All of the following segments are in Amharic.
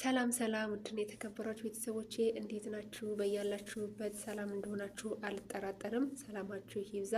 ሰላም ሰላም ውድን የተከበራችሁ ቤተሰቦቼ እንዴት ናችሁ? በያላችሁበት ሰላም እንደሆናችሁ አልጠራጠርም። ሰላማችሁ ይብዛ።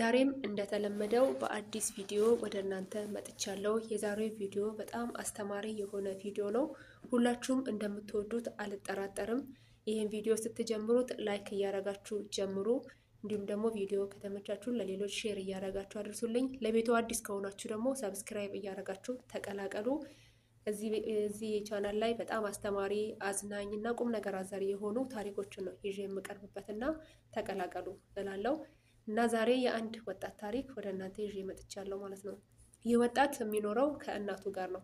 ዛሬም እንደተለመደው በአዲስ ቪዲዮ ወደ እናንተ መጥቻለሁ። የዛሬው ቪዲዮ በጣም አስተማሪ የሆነ ቪዲዮ ነው። ሁላችሁም እንደምትወዱት አልጠራጠርም። ይህን ቪዲዮ ስትጀምሩት ላይክ እያረጋችሁ ጀምሩ። እንዲሁም ደግሞ ቪዲዮ ከተመቻችሁ ለሌሎች ሼር እያረጋችሁ አድርሱልኝ። ለቤቱ አዲስ ከሆናችሁ ደግሞ ሰብስክራይብ እያረጋችሁ ተቀላቀሉ። እዚህ ቻናል ላይ በጣም አስተማሪ አዝናኝ እና ቁም ነገር አዘሪ የሆኑ ታሪኮችን ነው ይዤ የምቀርብበት እና ተቀላቀሉ እላለሁ እና ዛሬ የአንድ ወጣት ታሪክ ወደ እናንተ ይዤ መጥቻለሁ ማለት ነው። ይህ ወጣት የሚኖረው ከእናቱ ጋር ነው።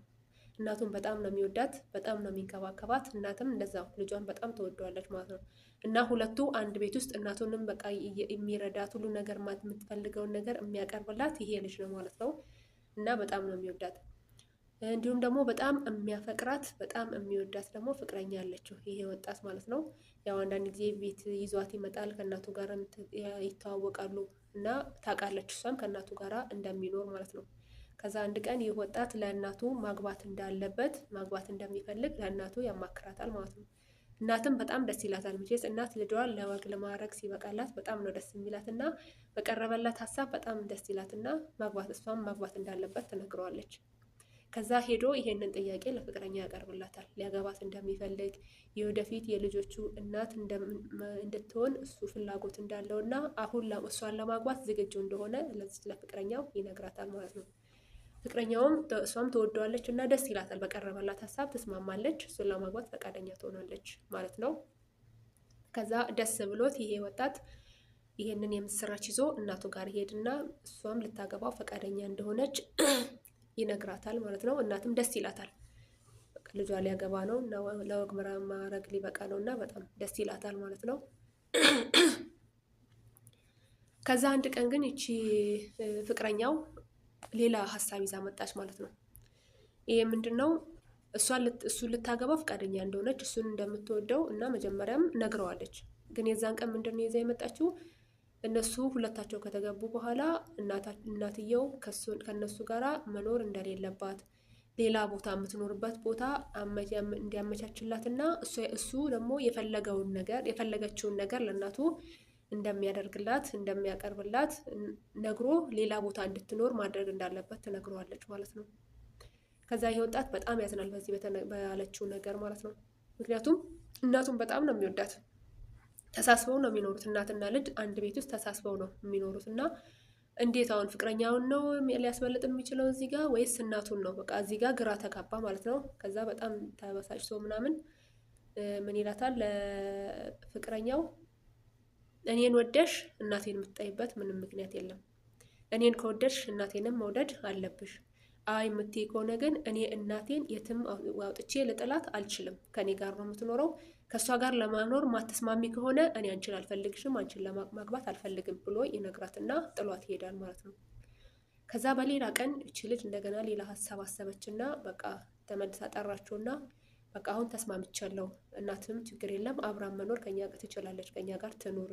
እናቱን በጣም ነው የሚወዳት፣ በጣም ነው የሚንከባከባት። እናትም እንደዛው ልጇን በጣም ትወደዋለች ማለት ነው። እና ሁለቱ አንድ ቤት ውስጥ እናቱንም በቃ የሚረዳት ሁሉ ነገር የምትፈልገውን ነገር የሚያቀርብላት ይሄ ልጅ ነው ማለት ነው። እና በጣም ነው የሚወዳት እንዲሁም ደግሞ በጣም የሚያፈቅራት በጣም የሚወዳት ደግሞ ፍቅረኛ ያለችው ይሄ ወጣት ማለት ነው። ያው አንዳንድ ጊዜ ቤት ይዟት ይመጣል፣ ከእናቱ ጋር ይተዋወቃሉ እና ታውቃለች እሷም ከእናቱ ጋር እንደሚኖር ማለት ነው። ከዛ አንድ ቀን ይህ ወጣት ለእናቱ ማግባት እንዳለበት ማግባት እንደሚፈልግ ለእናቱ ያማክራታል ማለት ነው። እናትም በጣም ደስ ይላታል። መቼስ እናት ልጇን ለወግ ለማድረግ ሲበቃላት በጣም ነው ደስ የሚላት እና በቀረበላት ሀሳብ በጣም ደስ እና ማግባት እሷም ማግባት እንዳለበት ትነግረዋለች። ከዛ ሄዶ ይሄንን ጥያቄ ለፍቅረኛ ያቀርብላታል። ሊያገባት እንደሚፈልግ የወደፊት የልጆቹ እናት እንድትሆን እሱ ፍላጎት እንዳለው እና አሁን እሷን ለማግባት ዝግጁ እንደሆነ ለፍቅረኛው ይነግራታል ማለት ነው። ፍቅረኛውም እሷም ትወደዋለች እና ደስ ይላታል። በቀረበላት ሀሳብ ትስማማለች። እሱን ለማግባት ፈቃደኛ ትሆናለች ማለት ነው። ከዛ ደስ ብሎት ይሄ ወጣት ይሄንን የምስራች ይዞ እናቱ ጋር ይሄድና እሷም ልታገባው ፈቃደኛ እንደሆነች ይነግራታል ማለት ነው። እናትም ደስ ይላታል። ልጇ ሊያገባ ነው እና ለወግ ማዕረግ ሊበቃ ነው እና በጣም ደስ ይላታል ማለት ነው። ከዛ አንድ ቀን ግን ይቺ ፍቅረኛው ሌላ ሀሳብ ይዛ መጣች ማለት ነው። ይሄ ምንድን ነው? እሱን ልታገባ ፈቃደኛ እንደሆነች እሱን እንደምትወደው እና መጀመሪያም ነግረዋለች። ግን የዛን ቀን ምንድን ነው ይዛ የመጣችው እነሱ ሁለታቸው ከተገቡ በኋላ እናትየው ከእነሱ ጋር መኖር እንደሌለባት ሌላ ቦታ የምትኖርበት ቦታ እንዲያመቻችላት እና እሱ ደግሞ የፈለገውን ነገር የፈለገችውን ነገር ለእናቱ እንደሚያደርግላት እንደሚያቀርብላት ነግሮ ሌላ ቦታ እንድትኖር ማድረግ እንዳለበት ትነግረዋለች ማለት ነው። ከዛ ይሄ ወጣት በጣም ያዝናል በዚህ ባለችው ነገር ማለት ነው። ምክንያቱም እናቱን በጣም ነው የሚወዳት። ተሳስበው ነው የሚኖሩት። እናትና ልጅ አንድ ቤት ውስጥ ተሳስበው ነው የሚኖሩት እና እንዴት አሁን ፍቅረኛውን ነው ሊያስበልጥ የሚችለው እዚህ ጋር ወይስ እናቱን ነው? በቃ እዚህ ጋር ግራ ተጋባ ማለት ነው። ከዛ በጣም ተበሳጭቶ ምናምን ምን ይላታል ለፍቅረኛው፣ እኔን ወደሽ እናቴን የምትጠይበት ምንም ምክንያት የለም። እኔን ከወደሽ እናቴንም መውደድ አለብሽ። አይ የምትይ ከሆነ ግን እኔ እናቴን የትም አውጥቼ ልጥላት አልችልም። ከኔ ጋር ነው የምትኖረው። ከእሷ ጋር ለማኖር ማተስማሚ ከሆነ እኔ አንቺን አልፈልግሽም፣ አንቺን ለማግባት አልፈልግም ብሎ ይነግራትና ጥሏት ይሄዳል ማለት ነው። ከዛ በሌላ ቀን እች ልጅ እንደገና ሌላ ሀሳብ አሰበችና በቃ ተመልሳ ጠራችውና በቃ አሁን ተስማምቻለሁ፣ እናትም ችግር የለም አብራን መኖር ከኛ ትችላለች፣ ከኛ ጋር ትኑር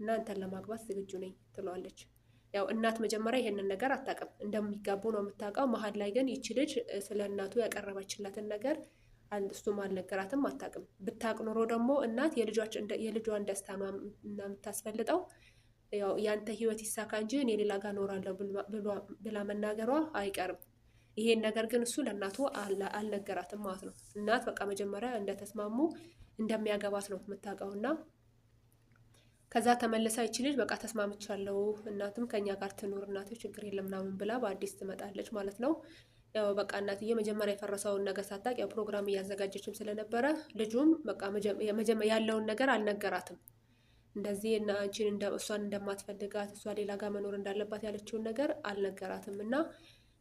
እና አንተን ለማግባት ዝግጁ ነኝ ትለዋለች። ያው እናት መጀመሪያ ይሄንን ነገር አታውቅም፣ እንደሚጋቡ ነው የምታውቀው። መሀል ላይ ግን ይቺ ልጅ ስለ እናቱ ያቀረበችለትን ነገር እሱም አልነገራትም፣ አታውቅም። ብታውቅ ኖሮ ደግሞ እናት የልጇን ደስታ እና የምታስፈልጠው ያው ያንተ ህይወት ይሳካ እንጂ እኔ ሌላ ጋር ኖራለሁ ብላ መናገሯ አይቀርም። ይሄን ነገር ግን እሱ ለእናቱ አልነገራትም ማለት ነው። እናት በቃ መጀመሪያ እንደተስማሙ እንደሚያገባት ነው የምታውቀውና ከዛ ተመለሳ ይቺ ልጅ በቃ ተስማምቻለሁ፣ እናትም ከኛ ጋር ትኑር እናቴ ችግር የለም ምናምን ብላ በአዲስ ትመጣለች ማለት ነው። ያው በቃ እናትዬ መጀመሪያ የፈረሰውን ነገር ሳታቅ ያው ፕሮግራም እያዘጋጀችም ስለነበረ ልጁም በቃ ያለውን ነገር አልነገራትም። እንደዚህ እና አንቺን እሷን እንደማትፈልጋት እሷ ሌላ ጋር መኖር እንዳለባት ያለችውን ነገር አልነገራትም እና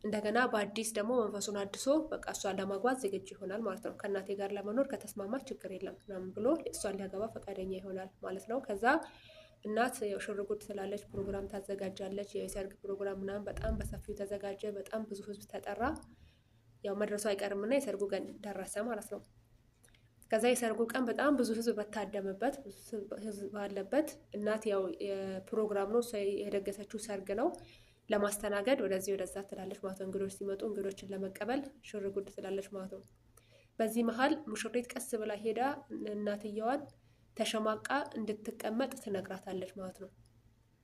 እንደገና በአዲስ ደግሞ መንፈሱን አድሶ በቃ እሷን ለማግባት ዝግጁ ይሆናል ማለት ነው። ከእናቴ ጋር ለመኖር ከተስማማች ችግር የለም ምናምን ብሎ እሷን ሊያገባ ፈቃደኛ ይሆናል ማለት ነው። ከዛ እናት ሽርጉድ ስላለች ፕሮግራም ታዘጋጃለች። የሰርግ ፕሮግራም ምናምን በጣም በሰፊው ተዘጋጀ። በጣም ብዙ ህዝብ ተጠራ። ያው መድረሱ አይቀርምና የሰርጉ ቀን ደረሰ ማለት ነው። ከዛ የሰርጉ ቀን በጣም ብዙ ህዝብ በታደመበት ህዝብ ባለበት እናት ያው ፕሮግራም ነው የደገሰችው ሰርግ ነው ለማስተናገድ ወደዚህ ወደዛ ትላለች ማለት ነው። እንግዶች ሲመጡ እንግዶችን ለመቀበል ሽር ጉድ ትላለች ማለት ነው። በዚህ መሀል ሙሽሪት ቀስ ብላ ሄዳ እናትየዋን ተሸማቃ እንድትቀመጥ ትነግራታለች ማለት ነው።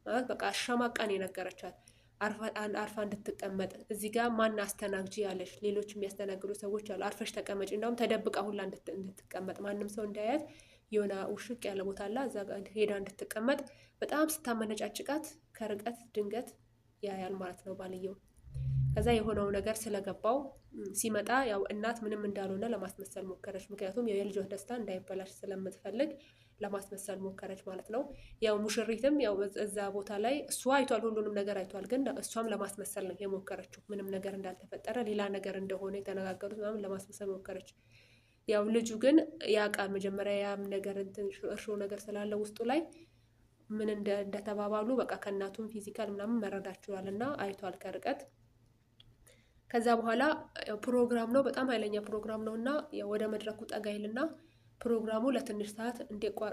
ማለት በቃ አሸማቃን የነገረቻት አርፋ እንድትቀመጥ እዚህ ጋር ማን አስተናግጂ ያለች፣ ሌሎች የሚያስተናግዱ ሰዎች አሉ። አርፈሽ ተቀመጭ፣ እንደውም ተደብቃ ሁላ እንድትቀመጥ ማንም ሰው እንዳያት የሆነ ውሽቅ ያለ ቦታ ላ ሄዳ እንድትቀመጥ በጣም ስታመነጫጭቃት ከርቀት ድንገት ያያል ማለት ነው ባልየው። ከዛ የሆነው ነገር ስለገባው ሲመጣ ያው እናት ምንም እንዳልሆነ ለማስመሰል ሞከረች። ምክንያቱም የልጆች ደስታ እንዳይበላሽ ስለምትፈልግ ለማስመሰል ሞከረች ማለት ነው። ያው ሙሽሪትም ያው እዛ ቦታ ላይ እሷ አይቷል፣ ሁሉንም ነገር አይቷል። ግን እሷም ለማስመሰል ነው የሞከረችው። ምንም ነገር እንዳልተፈጠረ ሌላ ነገር እንደሆነ የተነጋገሩት ምናምን ለማስመሰል ሞከረች። ያው ልጁ ግን ያቃ መጀመሪያ ያም ነገር እንትን እርሾ ነገር ስላለ ውስጡ ላይ ምን እንደተባባሉ በቃ ከእናቱም ፊዚካል ምናምን መረዳት እና አይቷል ከርቀት። ከዛ በኋላ ፕሮግራም ነው፣ በጣም ኃይለኛ ፕሮግራም ነው እና ወደ መድረኩ ጠጋይልና ፕሮግራሙ ለትንሽ ሰዓት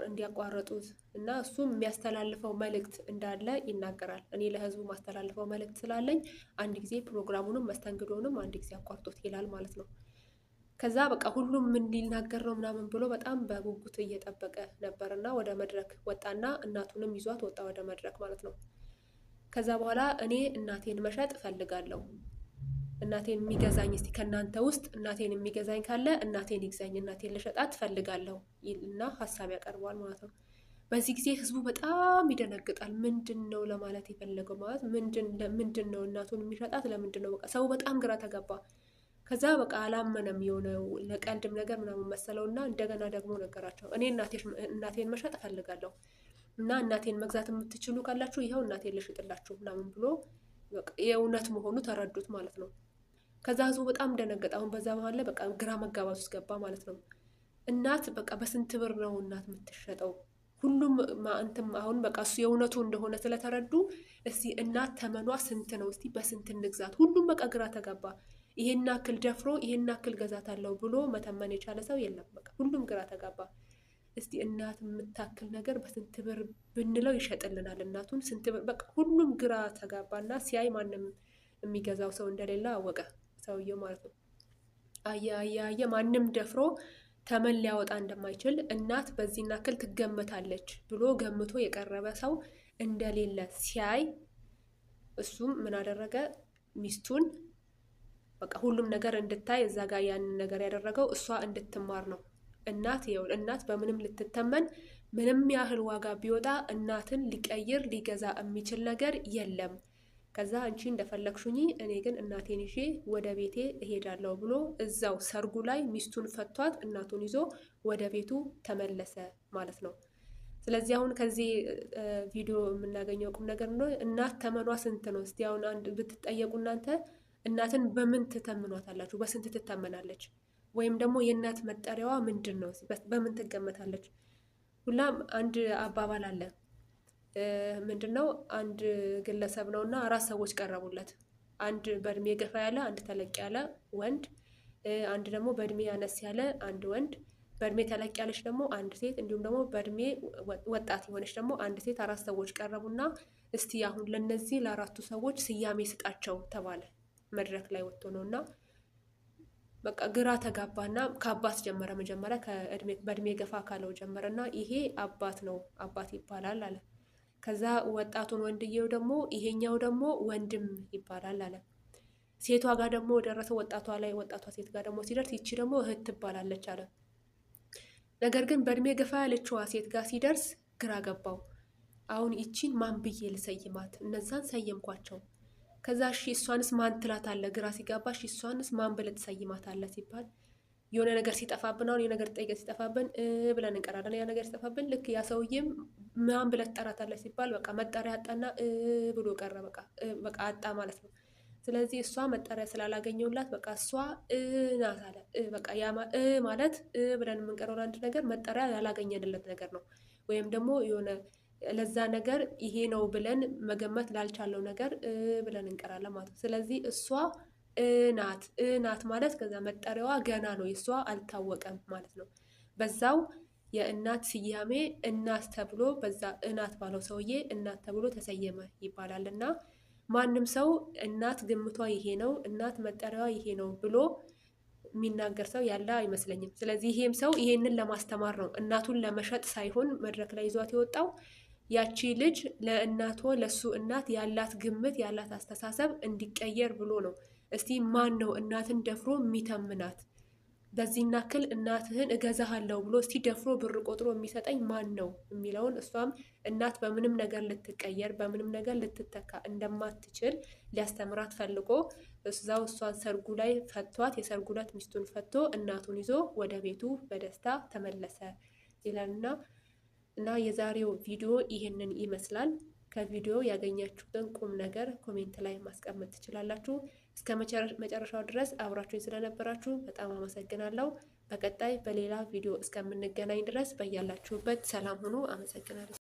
እንዲያቋረጡት እና እሱም የሚያስተላልፈው መልእክት እንዳለ ይናገራል። እኔ ለህዝቡ ማስተላልፈው መልእክት ስላለኝ አንድ ጊዜ ፕሮግራሙንም መስተንግዶንም አንድ ጊዜ አቋርጦት ይላል ማለት ነው። ከዛ በቃ ሁሉም ምን ሊናገር ነው ምናምን ብሎ በጣም በጉጉት እየጠበቀ ነበር እና ወደ መድረክ ወጣና እናቱንም ይዟት ወጣ ወደ መድረክ ማለት ነው። ከዛ በኋላ እኔ እናቴን መሸጥ እፈልጋለሁ፣ እናቴን የሚገዛኝ እስቲ ከእናንተ ውስጥ እናቴን የሚገዛኝ ካለ እናቴን ይግዛኝ፣ እናቴን ልሸጣት እፈልጋለሁ እና ሀሳብ ያቀርበዋል ማለት ነው። በዚህ ጊዜ ህዝቡ በጣም ይደነግጣል። ምንድን ነው ለማለት የፈለገው ማለት ምንድን ነው? እናቱን የሚሸጣት ለምንድን ነው? በቃ ሰው በጣም ግራ ተገባ። ከዛ በቃ አላመነም። የሆነው ለቀልድም ነገር ምናምን መሰለው እና እንደገና ደግሞ ነገራቸው እኔ እናቴን መሸጥ እፈልጋለሁ እና እናቴን መግዛት የምትችሉ ካላችሁ ይኸው እናቴን ልሽጥላችሁ ምናምን ብሎ የእውነት መሆኑ ተረዱት ማለት ነው። ከዛ ህዝቡ በጣም ደነገጠ። አሁን በዛ መሀል ላይ በቃ ግራ መጋባት ውስጥ ገባ ማለት ነው። እናት በቃ በስንት ብር ነው እናት የምትሸጠው? ሁሉም እንትም አሁን በቃ እሱ የእውነቱ እንደሆነ ስለተረዱ እስቲ እናት ተመኗ ስንት ነው? እስቲ በስንት እንግዛት? ሁሉም በቃ ግራ ተጋባ። ይሄን አክል ደፍሮ ይሄን አክል ገዛታለሁ ብሎ መተመን የቻለ ሰው የለም። በቃ ሁሉም ግራ ተጋባ። እስቲ እናት የምታክል ነገር በስንት ብር ብንለው ይሸጥልናል? እናቱን ስንት ብር በቃ ሁሉም ግራ ተጋባና ሲያይ ማንም የሚገዛው ሰው እንደሌለ አወቀ ሰውየው ማለት ነው። አየ አየ አየ ማንም ደፍሮ ተመን ሊያወጣ እንደማይችል እናት በዚህ ናክል ትገመታለች ብሎ ገምቶ የቀረበ ሰው እንደሌለ ሲያይ እሱም ምን አደረገ ሚስቱን በቃ ሁሉም ነገር እንድታይ እዛ ጋር ያንን ነገር ያደረገው እሷ እንድትማር ነው። እናት ይኸውል እናት በምንም ልትተመን ምንም ያህል ዋጋ ቢወጣ እናትን ሊቀይር ሊገዛ የሚችል ነገር የለም። ከዛ አንቺ እንደፈለግሹኝ እኔ ግን እናቴን ይዤ ወደ ቤቴ እሄዳለሁ ብሎ እዛው ሰርጉ ላይ ሚስቱን ፈቷት እናቱን ይዞ ወደ ቤቱ ተመለሰ ማለት ነው። ስለዚህ አሁን ከዚህ ቪዲዮ የምናገኘው ቁም ነገር ነው እናት ተመኗ ስንት ነው? እስቲ አሁን አንድ ብትጠየቁ እናንተ እናትን በምን ትተምኗታላችሁ? በስንት ትተመናለች ወይም ደግሞ የእናት መጠሪያዋ ምንድን ነው? በምን ትገመታለች? ሁላም አንድ አባባል አለ ምንድን ነው? አንድ ግለሰብ ነው እና አራት ሰዎች ቀረቡለት። አንድ በእድሜ ገፋ ያለ፣ አንድ ተለቅ ያለ ወንድ፣ አንድ ደግሞ በእድሜ ያነስ ያለ አንድ ወንድ፣ በእድሜ ተለቅ ያለች ደግሞ አንድ ሴት፣ እንዲሁም ደግሞ በእድሜ ወጣት የሆነች ደግሞ አንድ ሴት። አራት ሰዎች ቀረቡና እስቲ አሁን ለነዚህ ለአራቱ ሰዎች ስያሜ ስጣቸው ተባለ። መድረክ ላይ ወጥቶ ነው እና በቃ ግራ ተጋባና ከአባት ጀመረ። መጀመሪያ በእድሜ ገፋ ካለው ጀመረና ይሄ አባት ነው አባት ይባላል አለ። ከዛ ወጣቱን ወንድየው ደግሞ ይሄኛው ደግሞ ወንድም ይባላል አለ። ሴቷ ጋር ደግሞ ደረሰው። ወጣቷ ላይ ወጣቷ ሴት ጋር ደግሞ ሲደርስ ይቺ ደግሞ እህት ትባላለች አለ። ነገር ግን በእድሜ ገፋ ያለችዋ ሴት ጋር ሲደርስ ግራ ገባው። አሁን ይቺን ማን ብዬ ልሰይማት? እነዛን ሰየምኳቸው ከዛ እሺ እሷንስ ማን ትላት አለ ግራ ሲጋባ እሺ እሷንስ ማን ብለህ ትሰይማት አለ ሲባል የሆነ ነገር ሲጠፋብን አሁን የነገር ጠይቀን ሲጠፋብን ብለን እንቀራለን። ያ ነገር ሲጠፋብን ልክ ያ ሰውዬም ማን ብለህ ትጠራታለህ ሲባል በቃ መጠሪያ አጣና ብሎ ቀረ። በቃ አጣ ማለት ነው። ስለዚህ እሷ መጠሪያ ስላላገኘውላት በቃ እሷ ናት አለ። በቃ ያ ማለት ብለን የምንቀረውን አንድ ነገር መጠሪያ ያላገኘንለት ነገር ነው ወይም ደግሞ የሆነ ለዛ ነገር ይሄ ነው ብለን መገመት ላልቻለው ነገር ብለን እንቀራለን ማለት ነው። ስለዚህ እሷ እናት እናት ማለት ከዛ መጠሪያዋ ገና ነው፣ የእሷ አልታወቀም ማለት ነው። በዛው የእናት ስያሜ እናት ተብሎ በዛ እናት ባለው ሰውዬ እናት ተብሎ ተሰየመ ይባላል። እና ማንም ሰው እናት ግምቷ ይሄ ነው፣ እናት መጠሪያዋ ይሄ ነው ብሎ የሚናገር ሰው ያለ አይመስለኝም። ስለዚህ ይሄም ሰው ይሄንን ለማስተማር ነው፣ እናቱን ለመሸጥ ሳይሆን መድረክ ላይ ይዟት የወጣው ያቺ ልጅ ለእናቶ ለሱ እናት ያላት ግምት ያላት አስተሳሰብ እንዲቀየር ብሎ ነው። እስቲ ማን ነው እናትን ደፍሮ የሚተምናት? በዚህ ናክል እናትህን እገዛሃለሁ ብሎ እስቲ ደፍሮ ብር ቆጥሮ የሚሰጠኝ ማን ነው የሚለውን እሷም እናት በምንም ነገር ልትቀየር በምንም ነገር ልትተካ እንደማትችል ሊያስተምራት ፈልጎ እዛው እሷን ሰርጉ ላይ ፈቷት፣ የሰርጉ ዕለት ሚስቱን ፈቶ እናቱን ይዞ ወደ ቤቱ በደስታ ተመለሰ ይላልና እና የዛሬው ቪዲዮ ይህንን ይመስላል። ከቪዲዮ ያገኛችሁትን ቁም ነገር ኮሜንት ላይ ማስቀመጥ ትችላላችሁ። እስከ መጨረሻው ድረስ አብራችሁኝ ስለነበራችሁ በጣም አመሰግናለሁ። በቀጣይ በሌላ ቪዲዮ እስከምንገናኝ ድረስ በያላችሁበት ሰላም ሁኑ። አመሰግናለሁ።